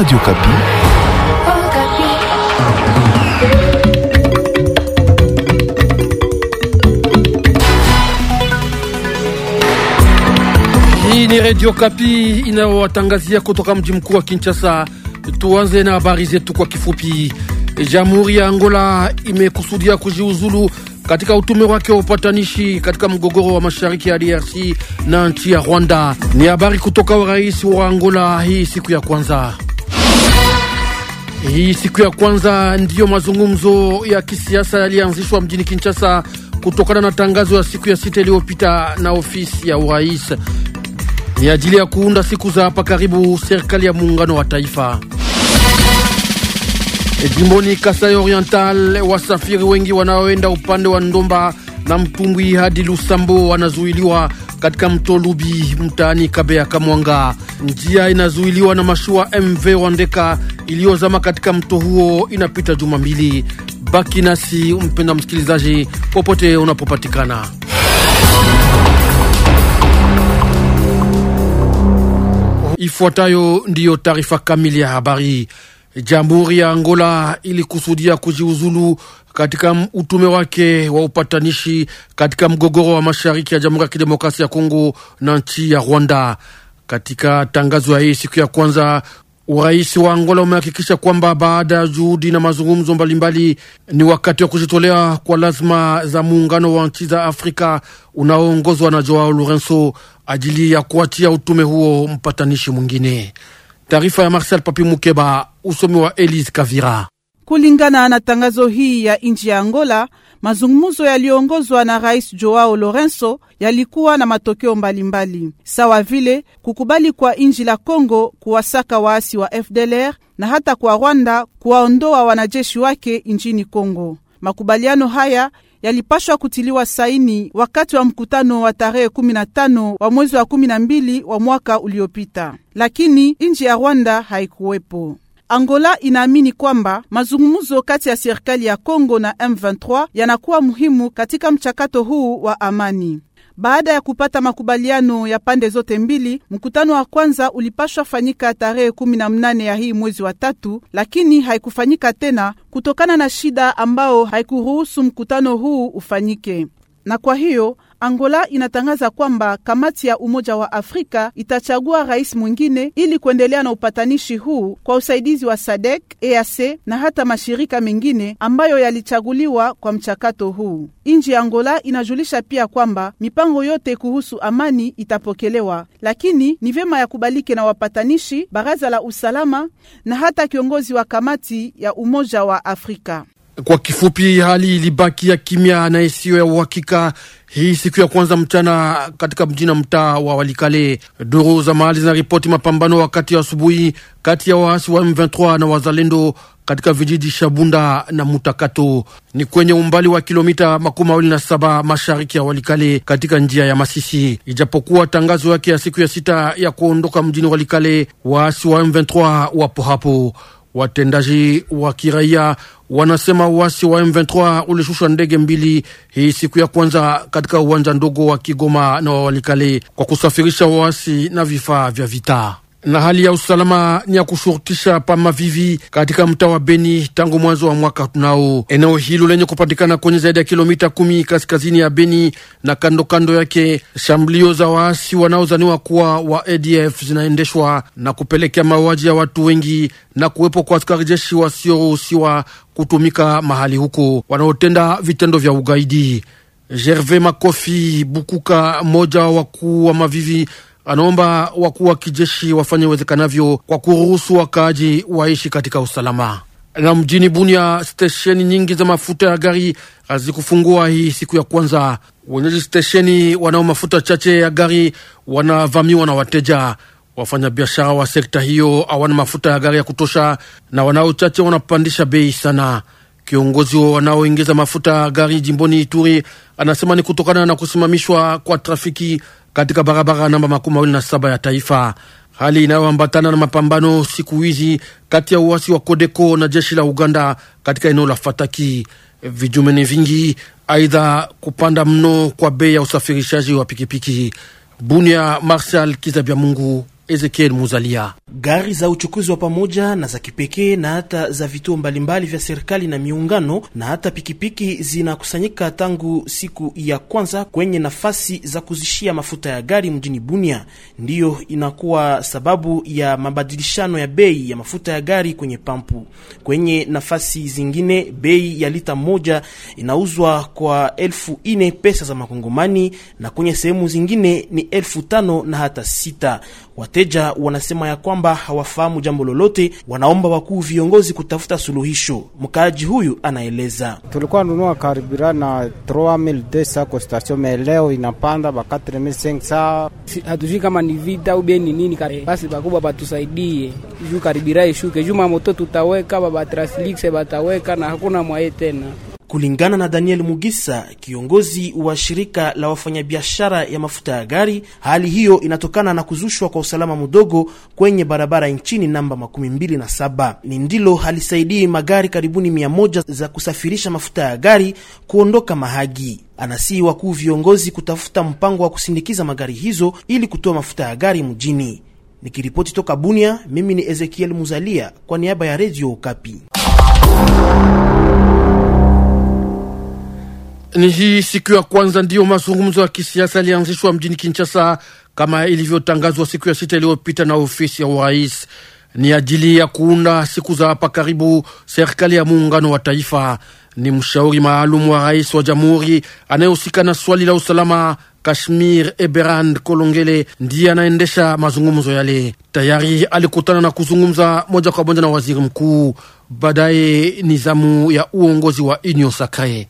Radio Kapi. Hii ni Radio Kapi inayowatangazia kutoka mji mkuu wa Kinshasa. Tuanze na habari zetu kwa kifupi. Jamhuri ya Angola imekusudia kujiuzulu katika utume wake wa upatanishi katika mgogoro wa mashariki ya DRC na nchi ya Rwanda. Ni habari kutoka rais wa Angola hii siku ya kwanza. Hii siku ya kwanza ndiyo mazungumzo ya kisiasa yalianzishwa mjini Kinshasa kutokana na tangazo ya siku ya sita iliyopita na ofisi ya urais ni ajili ya kuunda siku za hapa karibu serikali ya muungano wa taifa. E, jimboni Kasai Oriental, wasafiri wengi wanaoenda upande wa Ndomba na Mtumbwi hadi Lusambo wanazuiliwa katika mto Lubi mtaani Kabea Kamwanga. Njia inazuiliwa na mashua MV Wandeka iliyozama katika mto huo inapita juma mbili. Baki nasi mpenda msikilizaji, popote unapopatikana. Ifuatayo ndiyo taarifa kamili ya habari. Jamhuri ya Angola ilikusudia kujiuzulu katika utume wake wa upatanishi katika mgogoro wa mashariki ya Jamhuri ya Kidemokrasia ya Kongo na nchi ya Rwanda. Katika tangazo ya hii siku ya kwanza, urais wa Angola umehakikisha kwamba baada ya juhudi na mazungumzo mbalimbali, ni wakati wa kujitolea kwa lazima za muungano wa nchi za Afrika unaoongozwa na Joao Lourenco ajili ya kuachia utume huo mpatanishi mwingine. Taarifa ya Marcel Papi Mukeba, usomi wa Elise Kavira. Kulingana na tangazo hii ya nchi ya Angola, mazungumzo yaliyoongozwa na Rais Joao Lorenso yalikuwa na matokeo mbalimbali mbali. Sawa vile kukubali kwa nchi la congo kuwasaka waasi wa FDLR na hata kwa Rwanda kuwaondoa wanajeshi wake nchini Kongo. Makubaliano haya yalipashwa kutiliwa saini wakati wa mkutano wa tarehe 15 wa mwezi wa 12 wa mwaka uliopita, lakini nchi ya Rwanda haikuwepo. Angola inaamini kwamba mazungumzo kati ya serikali ya Kongo na M23 yanakuwa muhimu katika mchakato huu wa amani. Baada ya kupata makubaliano ya pande zote mbili, mkutano wa kwanza ulipashwa fanyika tarehe 18 ya hii mwezi wa tatu, lakini haikufanyika tena kutokana na shida ambao haikuruhusu mkutano huu ufanyike, na kwa hiyo Angola inatangaza kwamba kamati ya Umoja wa Afrika itachagua rais mwingine ili kuendelea na upatanishi huu kwa usaidizi wa sadek EAC na hata mashirika mengine ambayo yalichaguliwa kwa mchakato huu. Nchi ya Angola inajulisha pia kwamba mipango yote kuhusu amani itapokelewa, lakini ni vyema yakubalike na wapatanishi, baraza la usalama na hata kiongozi wa kamati ya Umoja wa Afrika. Kwa kifupi, hali ya kimya na isiyo ya uhakika hii siku ya kwanza mchana katika mji na mtaa wa Walikale. Duru za mahali zinaripoti mapambano wakati wa asubuhi kati ya waasi wa M23 na wazalendo katika vijiji Shabunda na Mutakato ni kwenye umbali wa kilomita makumi mawili na saba mashariki ya Walikale katika njia ya Masisi. Ijapokuwa tangazo yake ya siku ya sita ya kuondoka mjini Walikale, waasi wa M23 wapo hapo. Watendaji wa kiraia wanasema uasi wa M23 ulishushwa ndege mbili hii siku ya kwanza katika uwanja ndogo wa Kigoma na wawalikali kwa kusafirisha waasi na vifaa vya vita na hali ya usalama ni ya kushurutisha pa Mavivi katika mtaa wa Beni tangu mwanzo wa mwaka tunao. Eneo hilo lenye kupatikana kwenye zaidi ya kilomita kumi kaskazini ya Beni na kando kando yake, shambulio za waasi wanaozaniwa kuwa wa ADF zinaendeshwa na kupelekea mauaji ya watu wengi na kuwepo kwa askari jeshi wasioruhusiwa kutumika mahali huko wanaotenda vitendo vya ugaidi. Gervais Makofi Bukuka, moja wakuu wa Mavivi anaomba wakuu wa kijeshi wafanye uwezekanavyo kwa kuruhusu wakaaji waishi katika usalama. Na mjini Bunia, stesheni nyingi za mafuta ya gari hazikufungua hii siku ya kwanza. Wenyeji stesheni wanao mafuta chache ya gari wanavamiwa na wateja. Wafanyabiashara wa sekta hiyo hawana mafuta ya gari ya kutosha, na wanao chache wanapandisha bei sana. Kiongozi wa wanaoingiza mafuta ya gari jimboni Ituri anasema ni kutokana na kusimamishwa kwa trafiki katika barabara namba makumi mawili na saba ya taifa, hali inayoambatana na mapambano siku hizi kati ya uasi wa Kodeko na jeshi la Uganda katika eneo la Fataki. Vijumene vingi, aidha kupanda mno kwa bei ya usafirishaji wa pikipiki. Bunia, Marshal Kizabya Mungu, Ezekiel Muzalia. Gari za uchukuzi wa pamoja na za kipekee na hata za vituo mbalimbali vya serikali na miungano na hata pikipiki zinakusanyika tangu siku ya kwanza kwenye nafasi za kuzishia mafuta ya gari mjini Bunia. Ndiyo inakuwa sababu ya mabadilishano ya bei ya mafuta ya gari kwenye pampu. Kwenye nafasi zingine, bei ya lita moja inauzwa kwa elfu ine pesa za makongomani na kwenye sehemu zingine ni elfu tano na hata sita. Wateja wanasema ya kwamba hawafahamu jambo lolote, wanaomba wakuu viongozi kutafuta suluhisho. Mkaaji huyu anaeleza: tulikuwa nunua karibira na 3200 sa kwa station me, leo inapanda ba 4500 sa. Hatujui kama ni vita au ni nini, basi bakubwa batusaidie juu karibira ishuke juu mamoto tutaweka baba bataweka na hakuna mwaye tena. Kulingana na Daniel Mugisa, kiongozi wa shirika la wafanyabiashara ya mafuta ya gari, hali hiyo inatokana na kuzushwa kwa usalama mdogo kwenye barabara nchini namba makumi mbili na saba ni ndilo halisaidii magari karibuni mia moja za kusafirisha mafuta ya gari kuondoka Mahagi. Anasihi wakuu viongozi kutafuta mpango wa kusindikiza magari hizo ili kutoa mafuta ya gari mjini. Nikiripoti toka Bunia, mimi ni Ezekiel Muzalia kwa niaba ya Redio Okapi. Ni hii siku ya kwanza ndiyo mazungumzo ya kisiasa yalianzishwa mjini Kinshasa kama ilivyotangazwa siku ya sita iliyopita na ofisi ya urais, ni ajili ya kuunda siku za hapa karibu serikali ya muungano wa taifa. Ni mshauri maalum wa rais wa jamhuri anayehusika na swali la usalama Kashmir Eberand Kolongele ndiye anaendesha mazungumzo yale. Tayari alikutana na kuzungumza moja kwa moja na waziri mkuu. Baadaye ni zamu ya uongozi wa Union Sacree.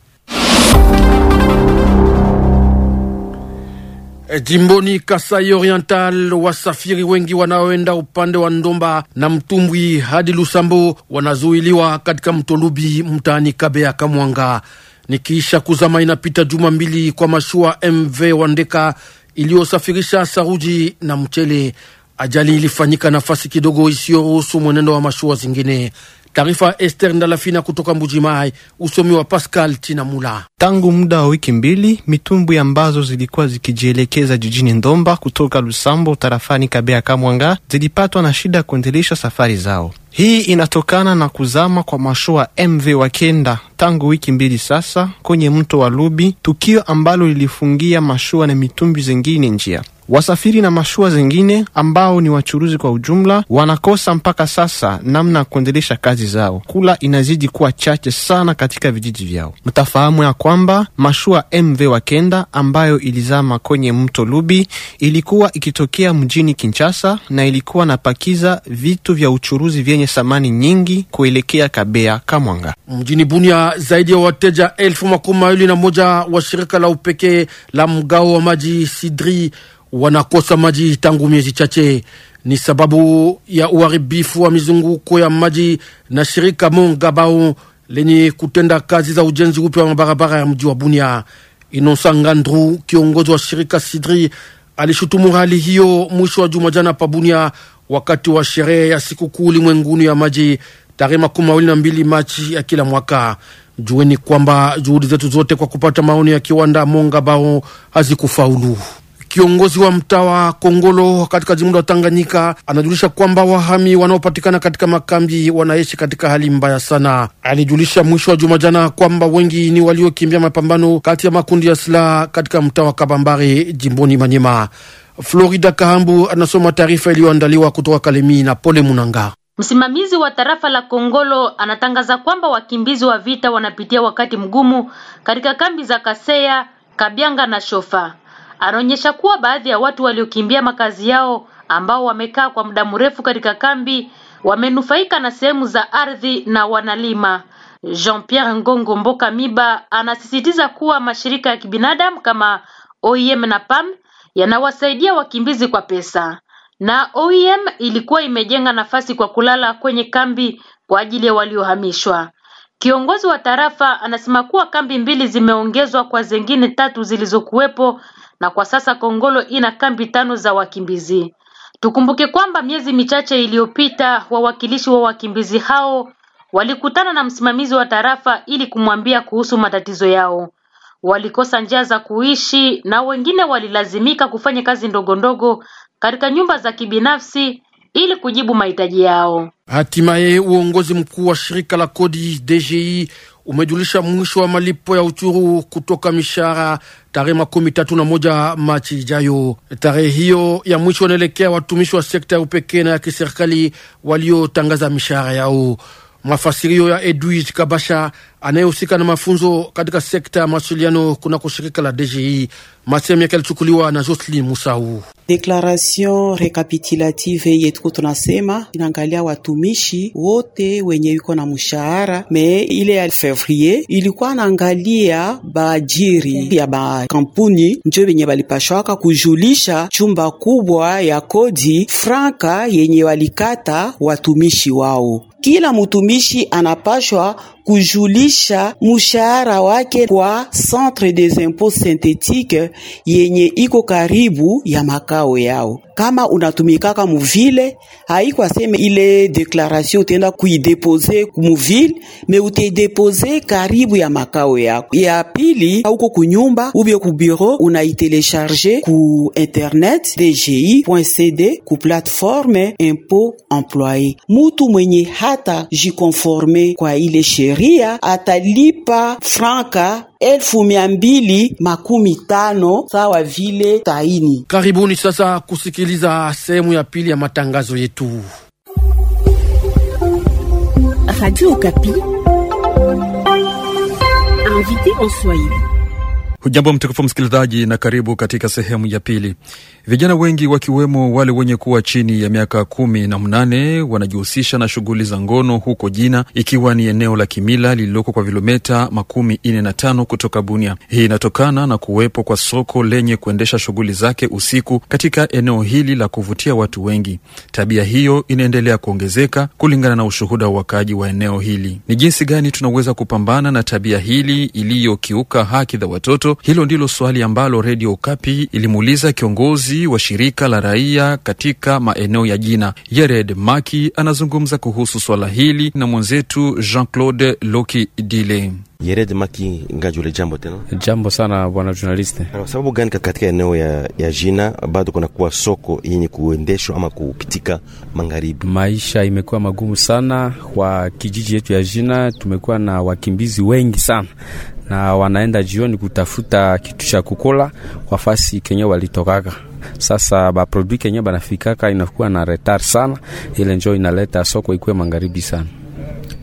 Eh, jimboni Kasai Oriental, wasafiri wengi wanaoenda upande wa Ndomba na mtumbwi hadi Lusambo wanazuiliwa katika mto Lubi mtaani Kabea Kamwanga nikiisha kuzama. Inapita juma mbili kwa mashua MV Wandeka iliyosafirisha saruji na mchele. Ajali ilifanyika nafasi kidogo isiyoruhusu mwenendo wa mashua zingine. Taarifa ya Ester Ndalafina kutoka Mbujimai, usomi wa Pascal Tinamula. Tangu muda wa wiki mbili, mitumbwi ambazo zilikuwa zikijielekeza jijini Ndomba kutoka Lusambo tarafani Kabea Kamwanga zilipatwa na shida ya kuendelesha safari zao. Hii inatokana na kuzama kwa mashua MV Wakenda tangu wiki mbili sasa kwenye mto wa Lubi, tukio ambalo lilifungia mashua na mitumbwi zingine njia. Wasafiri na mashua zingine ambao ni wachuruzi kwa ujumla wanakosa mpaka sasa namna ya kuendelesha kazi zao. Kula inazidi kuwa chache sana katika vijiji vyao. Mtafahamu ya kwamba mashua MV Wakenda ambayo ilizama kwenye mto Lubi ilikuwa ikitokea mjini Kinshasa na ilikuwa napakiza vitu vya uchuruzi vyenye thamani nyingi kuelekea Kabea Kamwanga. Mjini Bunia, zaidi ya wateja elfu makumi mawili na moja wa shirika la upekee la mgao wa maji Sidri wanakosa maji tangu miezi chache. Ni sababu ya uharibifu wa mizunguko ya maji na shirika Mongabao lenye kutenda kazi za ujenzi upya wa mabarabara ya mji wa Bunia. Inosa Ngandru, kiongozi wa shirika Sidri, alishutumu hali hiyo mwisho wa juma jana Bunia, wakati wa sherehe ya sikukuu ulimwenguni ya maji tarehe makumi mawili na mbili Machi ya kila mwaka. Jueni kwamba juhudi zetu zote kwa kupata maoni ya kiwanda Mongabao hazikufaulu. Kiongozi wa mtaa wa Kongolo katika jimbo la Tanganyika anajulisha kwamba wahami wanaopatikana katika makambi wanaishi katika hali mbaya sana. Alijulisha mwisho wa juma jana kwamba wengi ni waliokimbia mapambano kati ya makundi ya silaha katika mtaa wa Kabambare jimboni Manyema. Florida Kahambu anasoma taarifa iliyoandaliwa kutoka Kalemi na Pole Munanga. Msimamizi wa tarafa la Kongolo anatangaza kwamba wakimbizi wa vita wanapitia wakati mgumu katika kambi za Kaseya, Kabyanga na Shofa anaonyesha kuwa baadhi ya watu waliokimbia makazi yao ambao wamekaa kwa muda mrefu katika kambi wamenufaika na sehemu za ardhi na wanalima. Jean-Pierre Ngongo Mboka Miba anasisitiza kuwa mashirika ya kibinadamu kama OIM na PAM yanawasaidia wakimbizi kwa pesa. Na OIM ilikuwa imejenga nafasi kwa kulala kwenye kambi kwa ajili ya waliohamishwa. Kiongozi wa tarafa anasema kuwa kambi mbili zimeongezwa kwa zingine tatu zilizokuwepo na kwa sasa Kongolo ina kambi tano za wakimbizi. Tukumbuke kwamba miezi michache iliyopita wawakilishi wa wakimbizi hao walikutana na msimamizi wa tarafa ili kumwambia kuhusu matatizo yao. Walikosa njia za kuishi na wengine walilazimika kufanya kazi ndogo ndogo katika nyumba za kibinafsi ili kujibu mahitaji yao. Hatimaye uongozi mkuu wa shirika la kodi DGI umejulisha mwisho wa malipo ya uchuru kutoka mishahara tarehe makumi tatu na moja Machi ijayo. Tarehe hiyo ya mwisho wanaelekea watumishi wa sekta ya upekee na ya kiserikali waliotangaza mishahara yao. Mafasirio ya Edwige Kabasha anayehusika na mafunzo katika sekta ya mawasiliano kunako shirika la DGI. Masehemu yake alichukuliwa na Josli Musau. Deklaration rekapitulative yetuko tunasema inaangalia watumishi wote wenye iko na mshahara me ile ya fevrier ilikuwa naangalia baajiri ya bakampuni njo venye balipashwaka kujulisha chumba kubwa ya kodi franka yenye walikata watumishi wao. Kila mtumishi anapashwa kujulisha mshahara wake kwa Centre des Impôts Synthétiques yenye iko karibu ya makao yao. kama unatumikaka muvile haiko aseme ile deklaration utaenda kuidepose muvile me utaidepose karibu ya makao yako. Ya pili auko kunyumba ubie ku bureau, unaitelesharge ku internet dgi.cd ku platforme impo employe. Mutu mwenye hata jikonforme kwa ile sheria atalipa Franca elfu mia mbili makumi tano sawa vile taini. Karibuni sasa kusikiliza sehemu ya pili ya matangazo yetu. Radio Kapi. Hujambo mtukufu msikilizaji, na karibu katika sehemu ya pili. Vijana wengi wakiwemo wale wenye kuwa chini ya miaka kumi na mnane wanajihusisha na shughuli za ngono huko Jina, ikiwa ni eneo la kimila lililoko kwa vilometa makumi nne na tano kutoka Bunia. Hii inatokana na kuwepo kwa soko lenye kuendesha shughuli zake usiku katika eneo hili la kuvutia watu wengi. Tabia hiyo inaendelea kuongezeka kulingana na ushuhuda wa wakaaji wa eneo hili. Ni jinsi gani tunaweza kupambana na tabia hili iliyokiuka haki za watoto? Hilo ndilo swali ambalo Redio Kapi ilimuuliza kiongozi kiongozi wa shirika la raia katika maeneo ya Jina, Yared Maki, anazungumza kuhusu swala hili na mwenzetu Jean Claude Loki Dile. Yere Demaki Ngajule, jambo tena. Jambo sana bwana journaliste. Sababu gani katika eneo ya, ya jina bado kuna kuwa soko yenye kuendeshwa ama kupitika magharibi? Maisha imekuwa magumu sana kwa kijiji yetu ya jina, tumekuwa na wakimbizi wengi sana na wanaenda jioni kutafuta kitu cha kukola fasi kenye walitokaka. Sasa baprodui kenye banafikaka inakuwa na retard sana, ile njo inaleta soko ikuwe magharibi sana.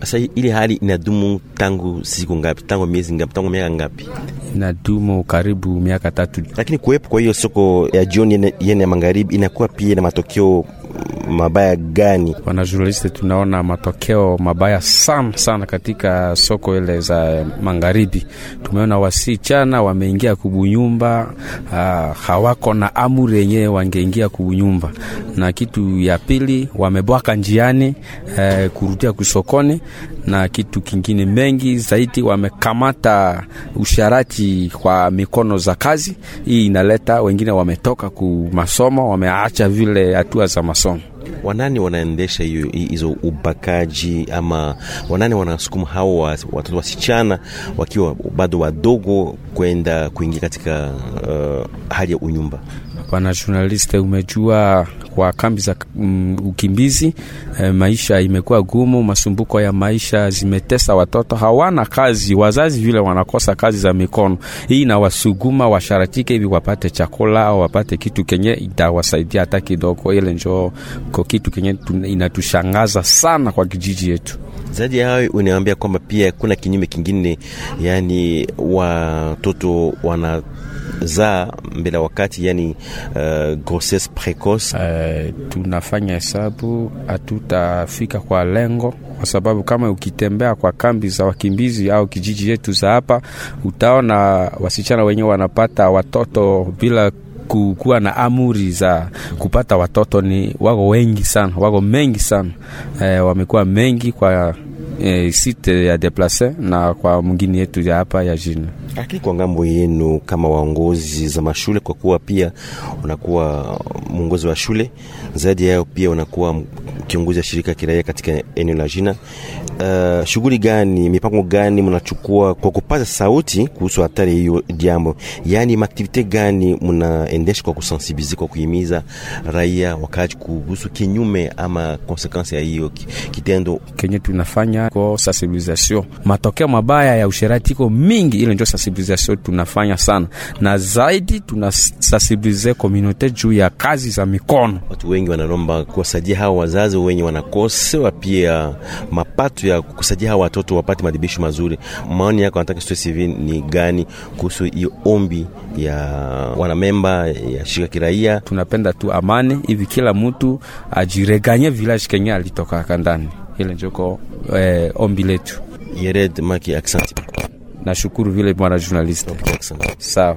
Sasa ile hali inadumu tangu siku ngapi? Tangu miezi ngapi? Tangu miaka ngapi? Inadumu karibu miaka tatu. Lakini kuwepo kwa hiyo soko ya jioni yene ya magharibi inakuwa pia na matokeo mabaya gani? Wanajournalisti, tunaona matokeo mabaya sana sana katika soko ile za magharibi. Tumeona wasichana wameingia kubunyumba, uh, hawako na amri yenye wangeingia kubunyumba. Na kitu ya pili wamebwaka njiani, uh, kurudia kusokoni na kitu kingine mengi zaidi, wamekamata usharati kwa mikono za kazi. Hii inaleta wengine wametoka ku masomo, wameacha vile hatua za masomo wanani wanaendesha hiyo hizo ubakaji ama wanani wanasukuma hao watoto wasichana wakiwa bado wadogo kwenda kuingia katika uh, hali ya unyumba? Bwana umejua kwa kambi za mm, ukimbizi e, maisha imekuwa gumu, masumbuko ya maisha zimetesa watoto, hawana kazi, wazazi vile wanakosa kazi za mikono. Hii inawasuguma washaratike hivi wapate chakula au wapate kitu kenye itawasaidia hata kidogo. Ile njoo ko kitu kenye inatushangaza sana kwa kijiji yetu. Zaidi ya hayo, unaambia kwamba pia kuna kinyume kingine, yani watoto wana kuzaa mbele wakati, yani uh, grossesse precoce. Uh, eh, tunafanya hesabu hatutafika kwa lengo, kwa sababu kama ukitembea kwa kambi za wakimbizi au kijiji yetu za hapa, utaona wasichana wenye wanapata watoto bila kukuwa na amuri za kupata watoto. Ni wako wengi sana, wako mengi sana, uh, wamekuwa mengi kwa e, site ya deplase na kwa mwingine yetu ya hapa ya jina Lakini kwa ngambo yenu kama waongozi za mashule, kwa kuwa pia unakuwa mwongozi wa shule, zaidi yao pia unakuwa kiongozi wa shirika kiraia katika eneo la jina. Uh, shughuli gani, mipango gani mnachukua kwa kupaza sauti kuhusu hatari hiyo jambo? Yaani maaktivite gani mnaendesha kwa kusensibilize kwa kuhimiza raia wakati kuhusu kinyume ama konsekansi ya hiyo kitendo? Kenye tunafanya kwa sensibilisation matokeo mabaya ya usherati iko mingi, ile ndio sensibilisation tunafanya sana, na zaidi tunasensibilize komunote juu ya kazi za mikono. Watu wengi wanaromba kuwasajia hao wazazi wazazi wenye wanakosewa pia mapato ya kusaidia hawa watoto wapate madhibisho mazuri. Maoni yako anataka sisi hivi ni gani kuhusu hiyo ombi ya wanamemba ya shirika kiraia? Tunapenda tu amani hivi, kila mtu ajireganye village Kenya alitoka kandani. Ile njoko eh, ombi letu. Yered Maki, aksanti. Nashukuru vile bwana journalist. Sawa.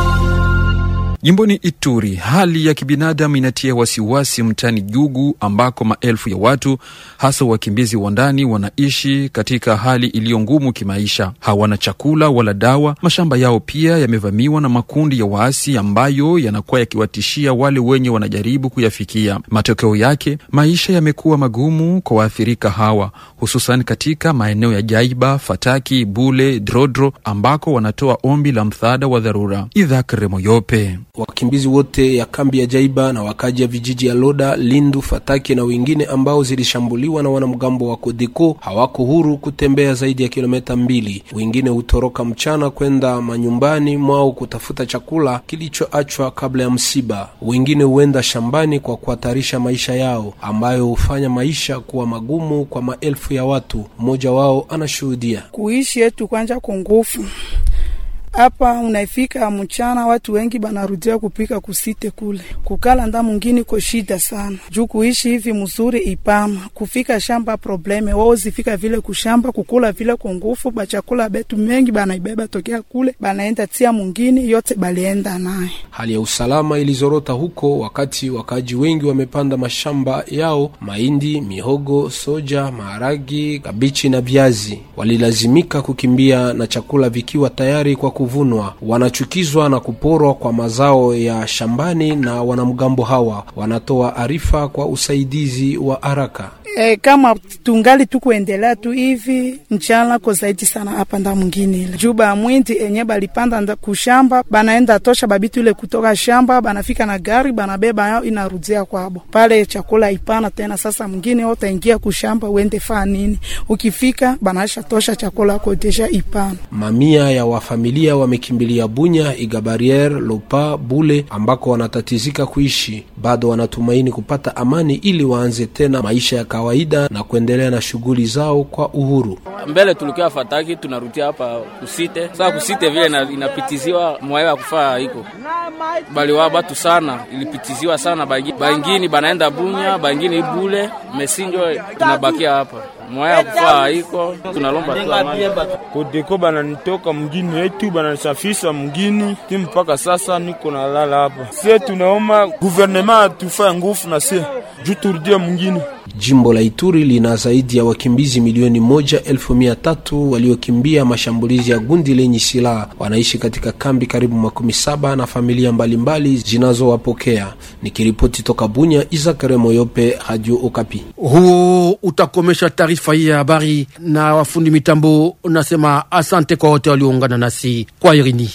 Jimboni Ituri, hali ya kibinadamu inatia wasiwasi mtani Jugu, ambako maelfu ya watu hasa wakimbizi wa ndani wanaishi katika hali iliyo ngumu kimaisha. Hawana chakula wala dawa. Mashamba yao pia yamevamiwa na makundi ya waasi ambayo yanakuwa yakiwatishia wale wenye wanajaribu kuyafikia. Matokeo yake maisha yamekuwa magumu kwa waathirika hawa, hususan katika maeneo ya Jaiba, Fataki, Bule, Drodro ambako wanatoa ombi la msaada wa dharura. Idhak Remoyope Wakimbizi wote ya kambi ya Jaiba na wakaji ya vijiji ya Loda, Lindu, Fataki na wengine ambao zilishambuliwa na wanamgambo wa Kodeko hawako huru kutembea zaidi ya kilomita mbili. Wengine hutoroka mchana kwenda manyumbani mwao kutafuta chakula kilichoachwa kabla ya msiba. Wengine huenda shambani kwa kuhatarisha maisha yao, ambayo hufanya maisha kuwa magumu kwa maelfu ya watu. Mmoja wao anashuhudia kuishi yetu kwanja kwa nguvu hapa unaifika mchana, watu wengi banarudia kupika kusite kule kukala nda mungini ko shida sana, juu kuishi hivi mzuri ipama kufika shamba probleme wao zifika vile kushamba kukula vile kungufu bachakula betu mengi banaibeba tokea kule banaenda tia mungini yote balienda naye. Hali ya usalama ilizorota huko wakati wakaaji wengi wamepanda mashamba yao mahindi, mihogo, soja, maharagi, kabichi na viazi, walilazimika kukimbia na chakula vikiwa tayari kwa kuvunwa, wanachukizwa na kuporwa kwa mazao ya shambani, na wanamgambo hawa wanatoa arifa kwa usaidizi wa haraka. E, kama tungali tukuendelea tu hivi njala ko zaidi sana hapa nda mwingine juba mwindi enye balipanda nda kushamba banaenda tosha babitu ile kutoka shamba banafika na gari banabeba yao inarudia kwabo pale chakula ipana tena. Sasa mwingine wote ingia kushamba uende faa nini, ukifika banaisha tosha chakula kodesha ipana. Mamia ya wafamilia raia wamekimbilia Bunya, Igabariere, Lopa, Bule ambako wanatatizika kuishi. Bado wanatumaini kupata amani ili waanze tena maisha ya kawaida na kuendelea na shughuli zao kwa uhuru. Mbele tulikia fataki, tunarutia hapa kusite. Sasa kusite vile inapitiziwa mwae ya kufaa iko bali wa batu sana, ilipitiziwa sana, bangini banaenda Bunya, bangini Bule, mesinjo tunabakia hapa mwaya kufaa iko tunalomba tu amani. Kodeko bananitoka mgini yetu bananisafisha mgini ti mpaka sasa niko nalala hapa. Sie tunaomba guvernema atufaa ngufu na sie juturudia mwingine. Jimbo la Ituri lina zaidi ya wakimbizi milioni moja elfu mia tatu waliokimbia mashambulizi ya gundi lenye silaha. Wanaishi katika kambi karibu makumi saba na familia mbalimbali zinazowapokea. Nikiripoti toka Bunya, Izakare Moyope, Radio Okapi. Huo utakomesha taarifa hii ya habari, na wafundi mitambo unasema asante kwa wote walioungana nasi kwa irini.